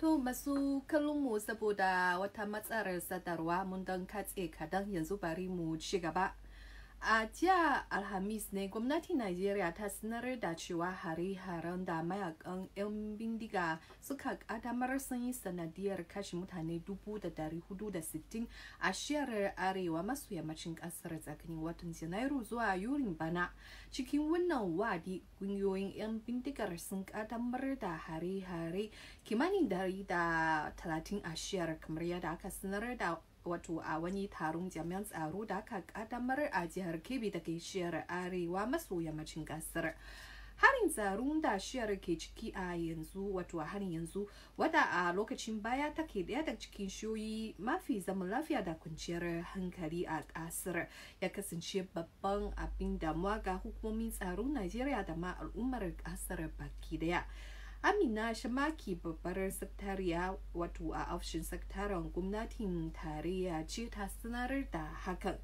To masu mu saboda wata matsalar sadarwa mun don katse kadan yanzu bari mu ci gaba. a jiya alhamis ne gwamnatin najeriya ta sanar da cewa hare-haren da mayakan 'yan bindiga suka kadamar sun yi sanadiyar kashe mutane 460 a shiyar arewa maso yammacin kasar tsakanin watan janairu zuwa yurin bana cikin wannan wadi kungiyoyin 'yan bindigar sun kadamar da hare-hare kimanin 130 a shiyar kamar yadda aka sanar da wato a wani taron jami'an tsaro da aka kadamar a jihar kebbi da ke shiyar arewa maso yammacin kasar harin tsaro da shiyar ke ciki a yanzu wato a harin yanzu wadda a lokacin baya take daya da cikin shoyi mafi zaman lafiya da kwanciyar hankali a kasar ya kasance babban abin damuwa ga hukumomin tsaron najeriya da ma al'ummar kasar baki daya amina shamaki babbar saktariya wato a ofishin saktaren gwamnatin tarayya ce ta sanar da hakan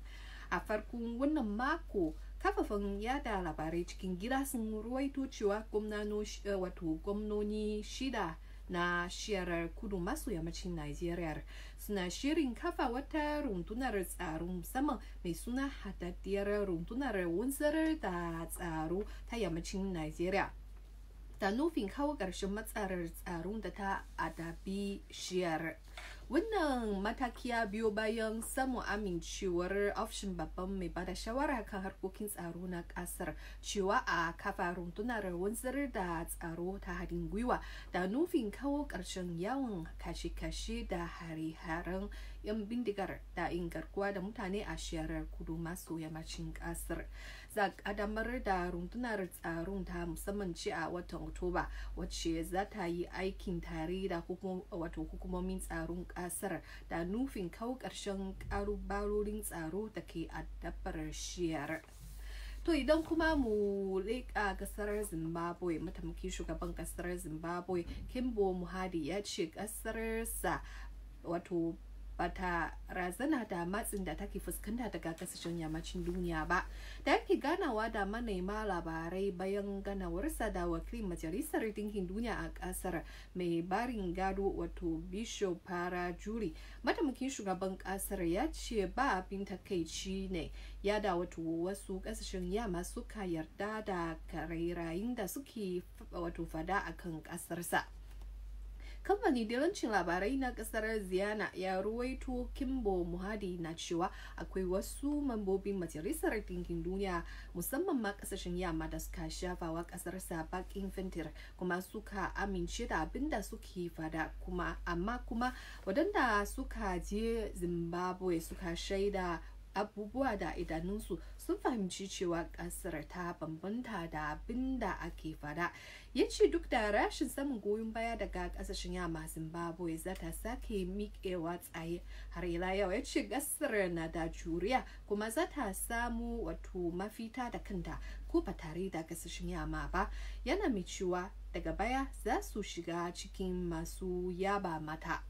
a farkon wannan mako kafafen yada labarai cikin gida sun ruwaito cewa eh, gwamnoni shida na shiyarar kudu maso yammacin Najeriya suna shirin kafa wata runtunar tsaro musamman mai suna hadaddiyar runtunar wanzar da tsaro ta yammacin Najeriya. da nufin kawo karshen matsarar tsaron da ta adabi shiyar wannan mataki ya biyo bayan samun amincewar ofishin babban mai bada shawara kan harkokin tsaro na kasar cewa a kafa rundunar wanzar da tsaro ta haɗin gwiwa da nufin kawo ƙarshen yawon kashe-kashe da hare-haren 'yan bindigar da ingarkuwa garkuwa da mutane a shiyarar kudu maso yammacin kasar za a damar da rundunar tsaron ta musamman ce a watan oktoba wacce za ta yi aikin tare da wato hukumomin tsaron kasar da nufin kawo ƙarshen ƙarubarorin tsaro da ke addabar shiyar to idan kuma mu leƙa ƙasar zimbabwe mataimakin shugaban ƙasar zimbabwe kimbo muhadi ya ce ƙasarsa wato bata razana da matsin da take fuskanta daga kasashen yammacin duniya ba da yake ganawa da manema labarai bayan ganawarsa da wakilin majalisar dinkin duniya a kasar mai barin gado wato bishop juri mataimakin shugaban kasar ya ce ba abin takaici ne ya da wato wasu kasashen yamma suka yarda da karairayin da suke wato fada akan kasarsa kamfani dilancin labarai na kasar ziyana ya ruwaito kimbo muhadi na cewa akwai wasu mambobin majalisar dinkin duniya musamman ma kasashen yamma da suka shafawa kasar sa bakin fintir kuma suka amince da abinda suke fada kuma amma kuma wadanda suka je zimbabwe suka shaida abubuwa da idanunsu sun fahimci cewa kasar ta bambanta da abin da ake fada ya ce duk da rashin samun goyon baya daga kasashen yamma zimbabwe za ta sake miƙewa tsaye har ila yau ya ce kasar na da juriya kuma za ta samu wato mafita da kanta ko ba tare da kasashen yamma ba yana mai cewa daga baya za su shiga cikin masu yaba mata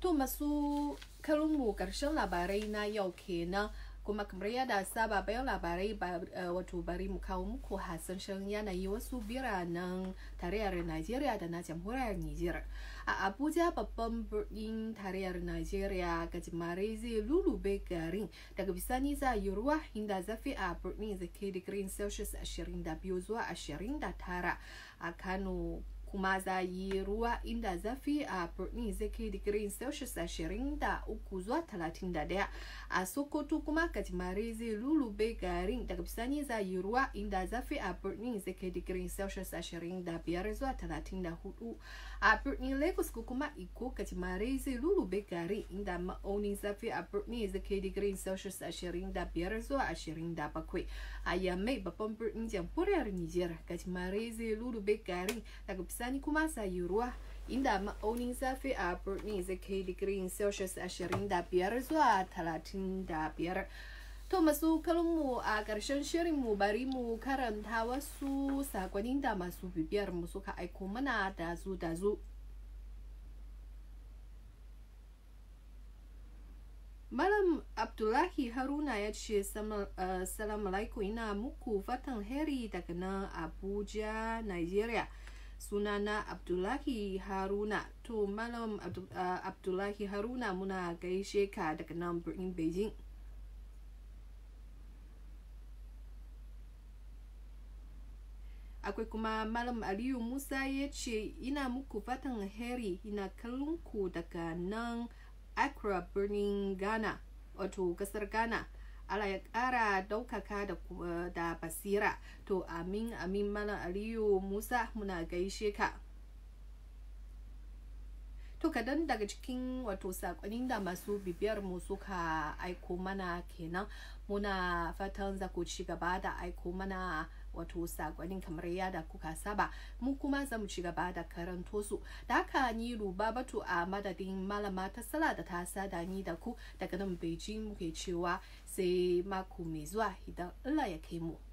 To masu karinmu ƙarshen labarai na yau kenan kuma kamar yadda saba bayan labarai eh, wato bari mu kawo muku hasashen yanayi wasu biranen tarayyar najeriya da na jamhuriyar nijar a abuja babban birnin tarayyar najeriya gajimare zai lulube garin daga bisani za yi ruwa inda zafi a birnin zake digirin celsius 22 zuwa 29 a kano kuma za yi ruwa inda zafi a birni zai kai digiri celsius uku zuwa daya a sokoto kuma gajimare zai lulube garin daga bisani za yi ruwa inda zafi a birni zai kai digiri celsius biyar zuwa hudu a birni lagos ko kuma iko gajimare zai lulube garin inda ma'aunin zafi a birni zai kai digiri celsius biyar zuwa da bakwai a yamai babban birnin jamhuriyar niger gajimare zai lulube garin daga bisani sani kuma sayi ruwa inda ma'aunin safe a birnin zai kai digirin celsius 25 zuwa 35 to masu kalmu a ƙarshen shirinmu bari mu karanta wasu sakonin da masu bibiyar mu suka aiko mana dazu-dazu Malam Abdullahi Haruna ya ce salamu eh, alaikum ina muku fatan heri daga nan Abuja, Nigeria. sunana abdullahi haruna to malam uh, abdullahi haruna muna gaishe ka daga nan birnin beijing akwai kuma malam aliyu musa ya ce ina muku fatan heri ina kallon ku daga nan accra birnin ghana wato kasar ghana Allah ya ƙara ɗaukaka da, eh, da basira to amin amin mana aliyu musa muna gaishe ka to kadan daga cikin wato sakonin da masu bibiyar mu suka aiko mana kenan muna fatan za ku ci gaba da aiko mana wato sakonin kamar yadda kuka saba mu kuma za mu ci gaba da karanto su da haka ni ruba batu a madadin malama ta sala da ta sada ni da ku daga nan beijing muke cewa sai mako mai zuwa idan allah ya kai mu